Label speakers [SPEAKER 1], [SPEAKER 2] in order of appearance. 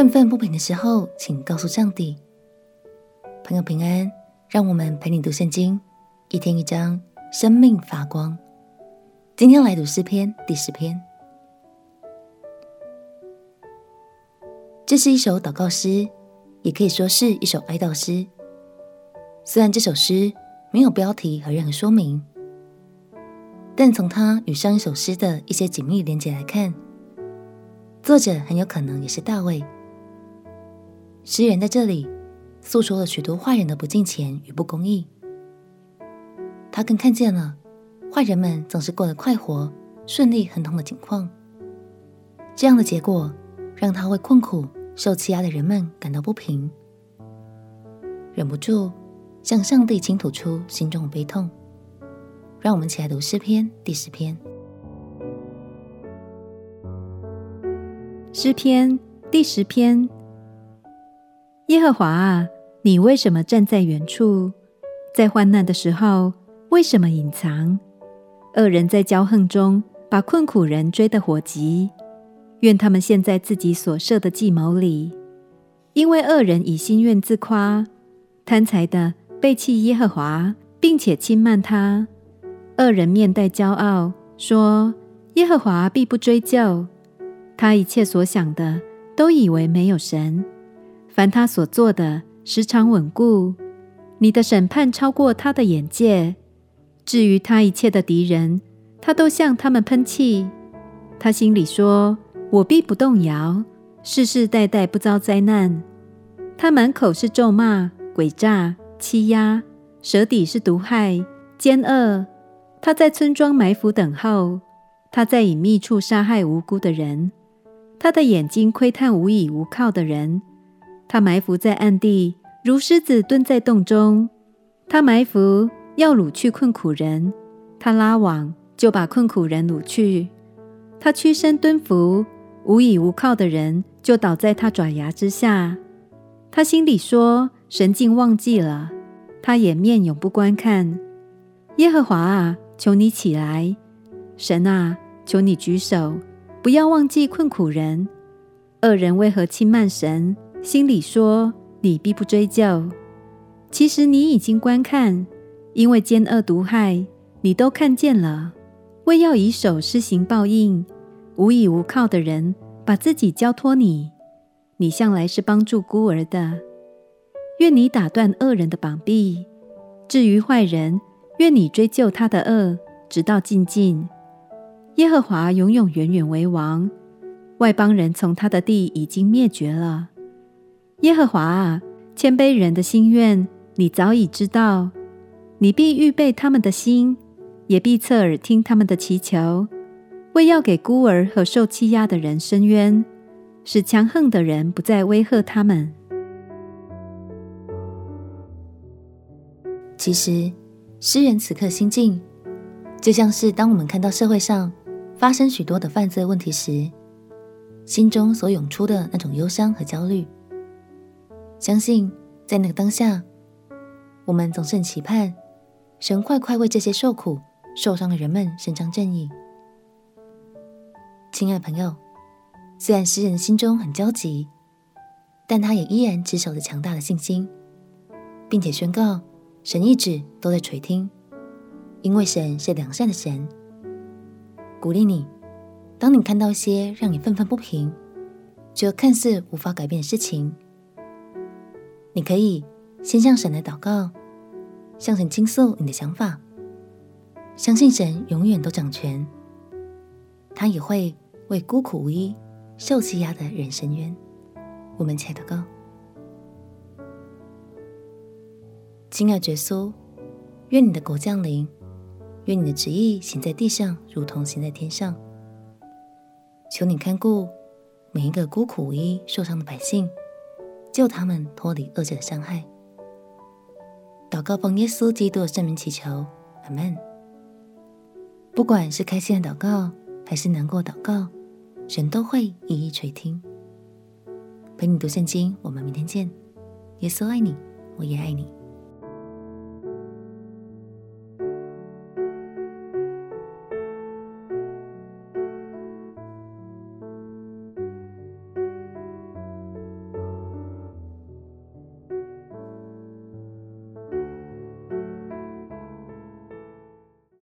[SPEAKER 1] 憤憤不平的時候，請告訴上帝。朋友平安，讓我們陪你讀聖經，一天一章，生命發光。今天來讀詩篇第十篇，這是一首禱告詩，也可以說是一首哀悼詩。雖然這首詩沒有標題和任何說明，但從它與上一首詩的一些緊密連結來看，作者很有可能也是大衛。詩人在這裡訴說了許多壞人的不敬虔與不公義，他更看見了壞人們總是過得快活、順利、亨通的景況。這樣的結果讓他為困苦、受欺壓的人們感到不平，忍不住向上帝傾吐出心中的悲痛。讓我們一起來讀詩篇第十篇。
[SPEAKER 2] 詩篇第十篇。耶和華啊，你為什麼站在遠處？在患難的時候，為什麼隱藏？惡人在驕橫中把困苦人追得火急，願他們陷在自己所設的計謀裡。因為惡人以心願自誇，貪財的背棄耶和華，並且輕慢他。惡人面帶驕傲，說，耶和華必不追究。他一切所想的，都以為沒有神。凡他所做的，時常穩固。你的審判超過他的眼界。至於他一切的敵人，他都向他們噴氣。他心裡說：“我必不動搖，世世代代不遭災難。”他滿口是咒罵、詭詐、欺壓，舌底是毒害、奸惡。他在村莊埋伏等候，他在隱祕處殺害無辜的人。他的眼睛窺探無倚無靠的人。他埋伏在暗地，如獅子蹲在洞中。他埋伏要擄去困苦人，他拉網就把困苦人擄去。他屈身蹲伏，無依無靠的人就倒在他爪牙之下。他心裡說：“神竟忘記了，他掩面永不觀看。”耶和華啊，求你起來，神啊，求你舉手，不要忘記困苦人。惡人為何輕慢神？心裡說：“你必不追究。其實你已經觀看，因為奸惡毒害，你都看見了。為要以手施行報應，無依無靠的人把自己交托你。你向來是幫助孤兒的。願你打斷惡人的膀臂。至於壞人，願你追究他的惡，直到淨盡。耶和華永永遠遠為王。外邦人從他的地已經滅絕了。”耶和華啊，謙卑人的心願，你早已知道。你必預備他們的心，也必側耳聽他們的祈求，為要給孤兒和受欺壓的人伸冤，使強橫的人不再威嚇他們。其實，
[SPEAKER 1] 詩人此刻心境，就像是當我們看到社會上發生許多的犯罪問題時，心中所湧出的那種憂傷和焦慮。相信在那個當下，我們總是很期盼神快快為這些受苦受傷的人們伸張正義。親愛朋友，雖然詩人心中很焦急，但他也依然持守着強大的信心，並且宣告神一直都在垂聽，因為神是良善的神。鼓勵你，當你看到一些讓你憤憤不平、卻又看似無法改變的事情。你可以先向神來禱告，向神傾訴你的想法，相信神永遠都掌權，他也會為孤苦無依、受欺壓的人伸冤。我們齊禱告：敬愛耶穌，願你的國降臨，願你的旨意行在地上，如同行在天上。求你看顧每一個孤苦無依、受傷的百姓。救他們脫離惡者的傷害。禱告奉耶穌基督的聖名祈求，阿門。不管是開心的禱告，還是難過禱告，神都會一一垂聽。陪你讀聖經，我們明天見。耶穌愛你，我也愛你。